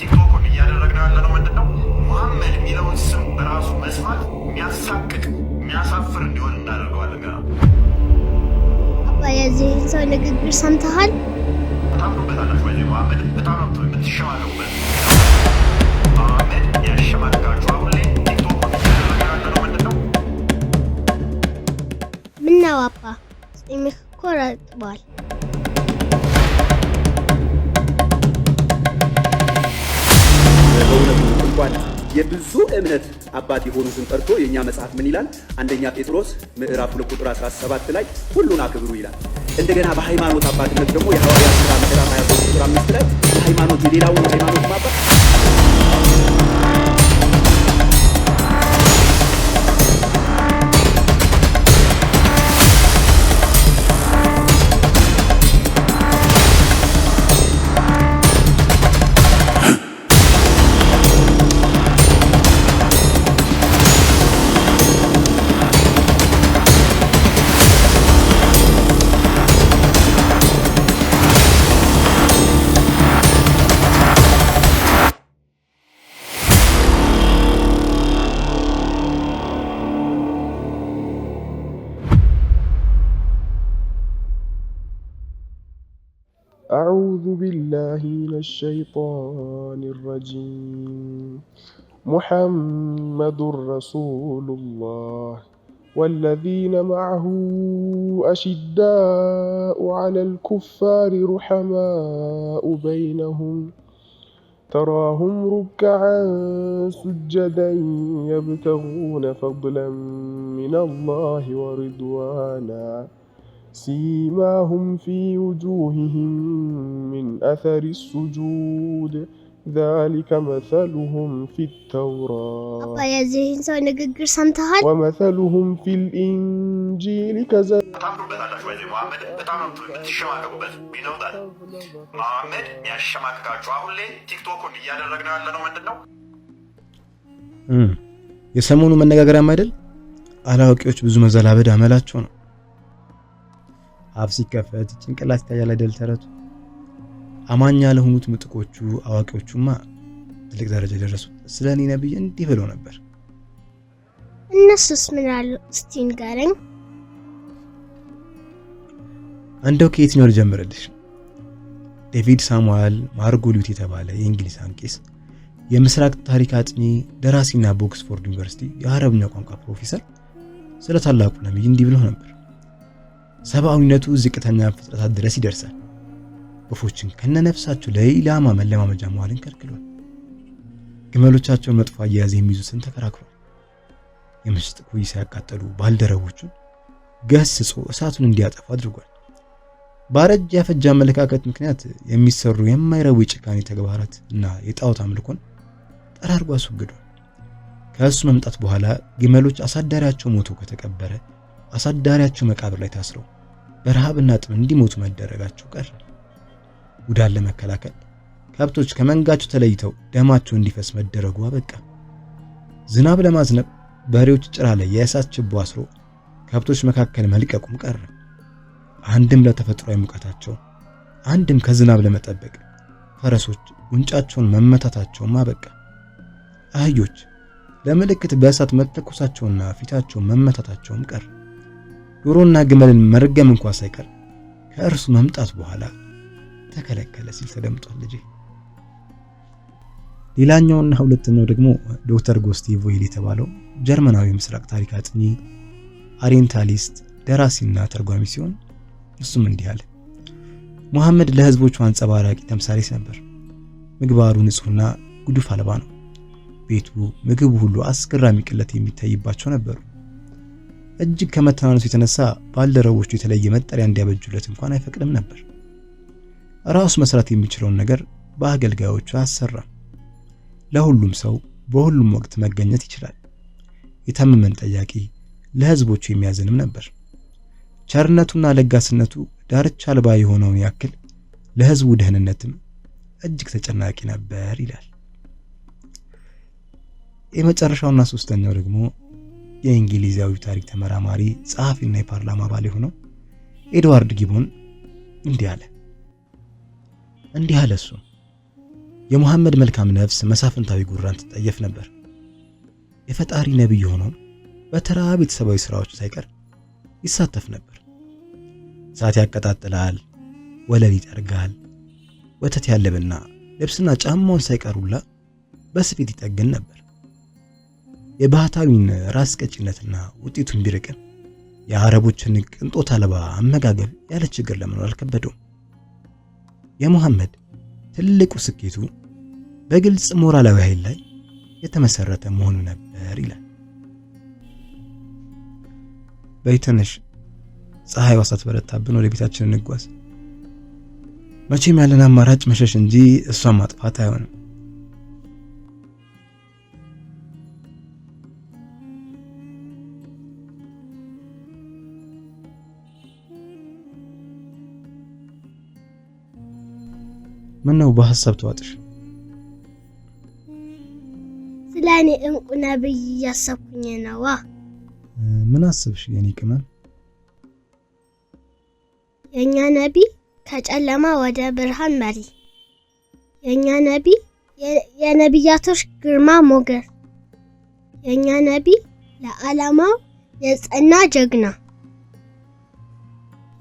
ቲክቶክን እያደረግነው ያለነው ምንድን ነው? መሐመድ የሚለውን ስም በራሱ መስማት የሚያሳቅቅ የሚያሳፍር እንዲሆን እናደርገዋለን። ገና ሰው ንግግር ሰምተሃል? በጣም ነው ወይ መሐመድ በጣም ነው የምትሸማቀቁበት። መሐመድ ያሸማቀቃችሁ አሁን ላይ ቲክቶክን እያደረግነው ምንድን ነው? ምነው አባ ጺምህ እኮ ረጥቧል። የብዙ እምነት አባት የሆኑትን ጠርቶ የእኛ መጽሐፍ ምን ይላል? አንደኛ ጴጥሮስ ምዕራፍ ሁለት ቁጥር 17 ላይ ሁሉን አክብሩ ይላል። እንደገና በሃይማኖት አባትነት ደግሞ የሐዋርያት ሥራ ምዕራፍ 23 ቁጥር 5 ላይ ሃይማኖት የሌላውን ሃይማኖት ማባት بالله من الشيطان الرجيم محمد رسول الله والذين معه أشداء على الكفار رحماء بينهم تراهم ركعا سجدا يبتغون فضلا من الله ورضوانا سيماهم في وجوههم من أثر السجود ذلك مثلهم في التوراة አባ የዚህን ሰው ንግግር ሰምተሃል? ወመሰሉሁም ፊል ኢንጂል ከዘ ታምሩበታላችሁ። በዚህ መሐመድ በጣም ነው የምትሸማቀቁበት። ቢነውጣል መሐመድ ያሸማቀቃችሁ። አሁን ላይ ቲክቶኩን እያደረግነው ያለ ነው ምንድን ነው የሰሞኑ መነጋገሪያም አይደል? አላዋቂዎች ብዙ መዘላበድ አመላቸው ነው። አፍ ሲከፈት ጭንቅላት ይታያል አይደል ተረቱ። አማኛ ለሆኑት ምጥቆቹ አዋቂዎቹማ ትልቅ ደረጃ ደረሱ። ስለ እኔ ነብይ እንዲህ ብለው ነበር። እነሱስ ምን አሉ እስቲ ንገረኝ። እንደው ከየትኛው ልጀምርልሽ? ዴቪድ ሳሙኤል ማርጎሊት የተባለ የእንግሊዝ አንቂስ የምስራቅ ታሪክ አጥኚ ደራሲና በኦክስፎርድ ዩኒቨርሲቲ የአረብኛ ቋንቋ ፕሮፌሰር ስለ ታላቁ ነብይ እንዲህ ብሎ ነበር። ሰብአዊነቱ ዝቅተኛ ፍጥረታት ድረስ ይደርሳል። ወፎችን ከነነፍሳቸው ለኢላማ መለማመጃ መዋልን ከልክሏል። ግመሎቻቸውን መጥፎ አያያዝ የሚይዙትን ተከራክሯል። የምሽት ኩይ ሳያቃጠሉ ባልደረቦቹን ገስጾ እሳቱን እንዲያጠፉ አድርጓል። ባረጅ ያፈጀ አመለካከት ምክንያት የሚሰሩ የማይረቡ የጭካኔ ተግባራት እና የጣዖት አምልኮን ጠራርጎ አስወግዷል። ከእሱ መምጣት በኋላ ግመሎች አሳዳሪያቸው ሞቶ ከተቀበረ አሳዳሪያቸው መቃብር ላይ ታስረው በረሃብና ጥም እንዲሞቱ መደረጋቸው ቀር ውዳን ለመከላከል ከብቶች ከመንጋቸው ተለይተው ደማቸው እንዲፈስ መደረጉ አበቃ። ዝናብ ለማዝነብ በሬዎች ጭራ ላይ የእሳት ችቦ አስሮ ከብቶች መካከል መልቀቁም ቀረ። አንድም ለተፈጥሯዊ ሙቀታቸው፣ አንድም ከዝናብ ለመጠበቅ ፈረሶች ጉንጫቸውን መመታታቸውም አበቃ። አህዮች ለምልክት በእሳት መተኮሳቸውና ፊታቸውን መመታታቸውም ቀረ። ዶሮና ግመልን መርገም እንኳ ሳይቀር ከእርሱ መምጣት በኋላ ተከለከለ ሲል ተደምጧል። ልጅ። ሌላኛውና ሁለተኛው ደግሞ ዶክተር ጎስቴ ቮይል የተባለው ጀርመናዊ ምስራቅ ታሪክ አጥኚ፣ ኦሪየንታሊስት፣ ደራሲና ተርጓሚ ሲሆን እሱም እንዲህ አለ። ሙሐመድ ለህዝቦቹ አንጸባራቂ ተምሳሌት ነበር። ምግባሩ ንጹህና ጉዱፍ አልባ ነው። ቤቱ፣ ምግቡ ሁሉ አስገራሚ ቅለት የሚታይባቸው ነበሩ። እጅግ ከመተናነሱ የተነሳ ባልደረቦቹ የተለየ መጠሪያ እንዲያበጁለት እንኳን አይፈቅድም ነበር። ራሱ መስራት የሚችለውን ነገር በአገልጋዮቹ አሰራም። ለሁሉም ሰው በሁሉም ወቅት መገኘት ይችላል። የታመመን ጠያቂ፣ ለህዝቦቹ የሚያዝንም ነበር። ቸርነቱና ለጋስነቱ ዳርቻ አልባ የሆነውን ያክል ለህዝቡ ደህንነትም እጅግ ተጨናቂ ነበር ይላል። የመጨረሻውና ሶስተኛው ደግሞ የእንግሊዛዊ ታሪክ ተመራማሪ ጸሐፊና የፓርላማ አባል የሆነው ኤድዋርድ ጊቦን እንዲህ አለ እንዲህ አለ እሱ የሙሐመድ መልካም ነፍስ መሳፍንታዊ ጉራን ትጠየፍ ነበር። የፈጣሪ ነቢይ ሆኖ በተራ ቤተሰባዊ ስራዎች ሳይቀር ይሳተፍ ነበር። እሳት ያቀጣጥላል፣ ወለል ይጠርጋል፣ ወተት ያለብና ልብስና ጫማውን ሳይቀሩላ በስፌት ይጠግን ነበር። የባህታዊን ራስ ቀጭነትና ውጤቱን ቢርቅም የአረቦችን ቅንጦት አልባ አመጋገብ ያለ ችግር ለመኖር አልከበደውም። የሙሐመድ ትልቁ ስኬቱ በግልጽ ሞራላዊ ኃይል ላይ የተመሰረተ መሆኑ ነበር ይላል። በይተነሽ ፀሐይ ዋሳት በረታብን፣ ወደ ቤታችን እንጓዝ። መቼም ያለን አማራጭ መሸሽ እንጂ እሷን ማጥፋት አይሆንም። ምን ነው በሐሳብ ተዋጥሽ? ስለኔ እንቁ ነብይ እያሰብኩኝ ነዋ። ምን አስብሽ የኔ ቅመም? የእኛ ነቢ ከጨለማ ወደ ብርሃን መሪ፣ የእኛ ነቢ የነቢያቶች ግርማ ሞገር የእኛ ነቢ ለዓላማው የጸና ጀግና፣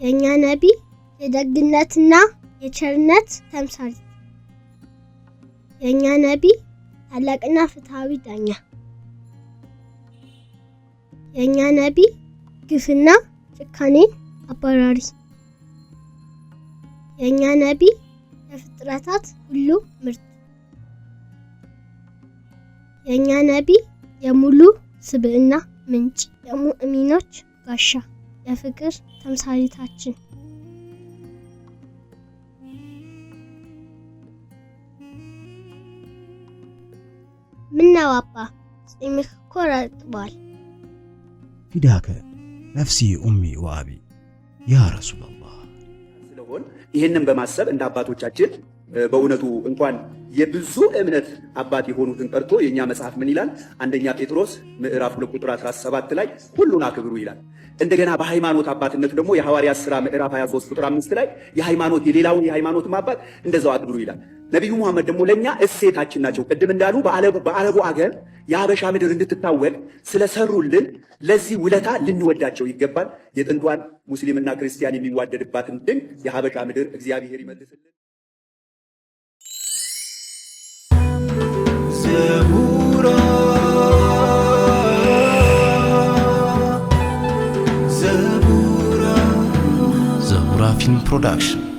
የእኛ ነቢ የደግነትና የቸርነት ተምሳሌት የእኛ ነቢ ታላቅና ፍትሐዊ ዳኛ የእኛ ነቢ ግፍና ጭካኔን አባራሪ የእኛ ነቢ የፍጥረታት ሁሉ ምርት የእኛ ነቢ የሙሉ ስብዕና ምንጭ የሙእሚኖች ጋሻ የፍቅር ተምሳሌታችን ምነው አባ ጺምህ እኮ ፊዳከ ነፍሲ ኡሚ ወአቢ ያ ረሱላላህ ስለሆን ይህንን በማሰብ እንደ አባቶቻችን በእውነቱ እንኳን የብዙ እምነት አባት የሆኑትን ቀርቶ የእኛ መጽሐፍ ምን ይላል? አንደኛ ጴጥሮስ ምዕራፍ ሁለት ቁጥር 17 ላይ ሁሉን አክብሩ ይላል። እንደገና በሃይማኖት አባትነቱ ደግሞ የሐዋርያት ሥራ ምዕራፍ 23 ቁጥር 5 ላይ የሃይማኖት የሌላውን የሃይማኖትም አባት እንደዛው አክብሩ ይላል። ነቢዩ መሐመድ ደግሞ ለእኛ እሴታችን ናቸው። ቅድም እንዳሉ በአረቡ አገር የሀበሻ ምድር እንድትታወቅ ስለሰሩልን ለዚህ ውለታ ልንወዳቸው ይገባል። የጥንቷን ሙስሊምና ክርስቲያን የሚዋደድባትን ድንቅ የሀበሻ ምድር እግዚአብሔር ይመልስልን። Film Production.